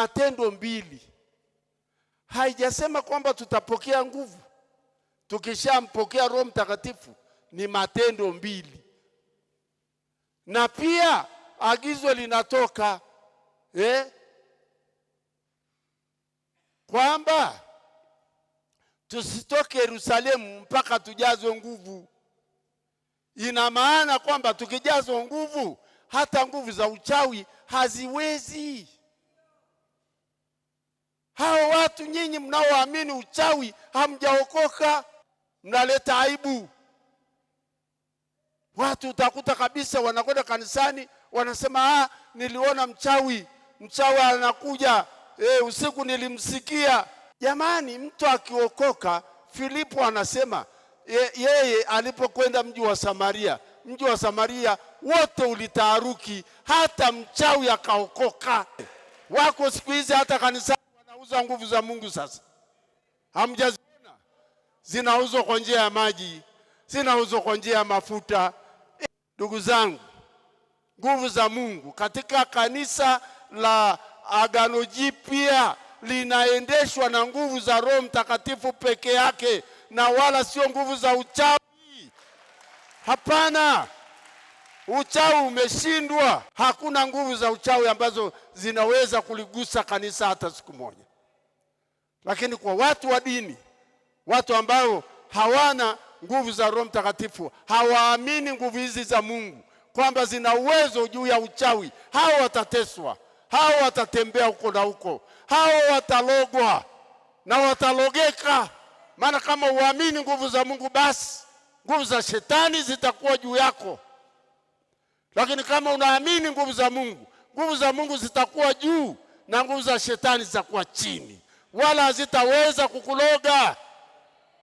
Matendo mbili haijasema kwamba tutapokea nguvu. Tukishampokea Roho Mtakatifu ni matendo mbili, na pia agizo linatoka eh, kwamba tusitoke Yerusalemu mpaka tujazwe nguvu. Ina maana kwamba tukijazwa nguvu, hata nguvu za uchawi haziwezi watu nyinyi mnaoamini uchawi hamjaokoka, mnaleta aibu. Watu utakuta kabisa wanakwenda kanisani wanasema, ah, niliona mchawi, mchawi anakuja eh, usiku nilimsikia. Jamani, mtu akiokoka, Filipo anasema yeye alipokwenda mji wa Samaria, mji wa Samaria wote ulitaharuki hata mchawi akaokoka. Wako siku hizi hata kanisa zinauza nguvu za Mungu sasa, hamjaziona. Zinauzwa kwa njia ya maji, zinauzwa kwa njia ya mafuta. Eh, ndugu zangu, nguvu za Mungu katika kanisa la Agano Jipya linaendeshwa na nguvu za Roho Mtakatifu peke yake na wala sio nguvu za uchawi. Hapana, uchawi umeshindwa. Hakuna nguvu za uchawi ambazo zinaweza kuligusa kanisa hata siku moja. Lakini kwa watu wa dini, watu ambao hawana nguvu za Roho Mtakatifu, hawaamini nguvu hizi za Mungu kwamba zina uwezo juu ya uchawi, hao watateswa, hao watatembea huko na huko, hao watalogwa na watalogeka. Maana kama uamini nguvu za Mungu, basi nguvu za shetani zitakuwa juu yako, lakini kama unaamini nguvu za Mungu, nguvu za Mungu zitakuwa juu na nguvu za shetani zitakuwa chini wala hazitaweza kukuloga.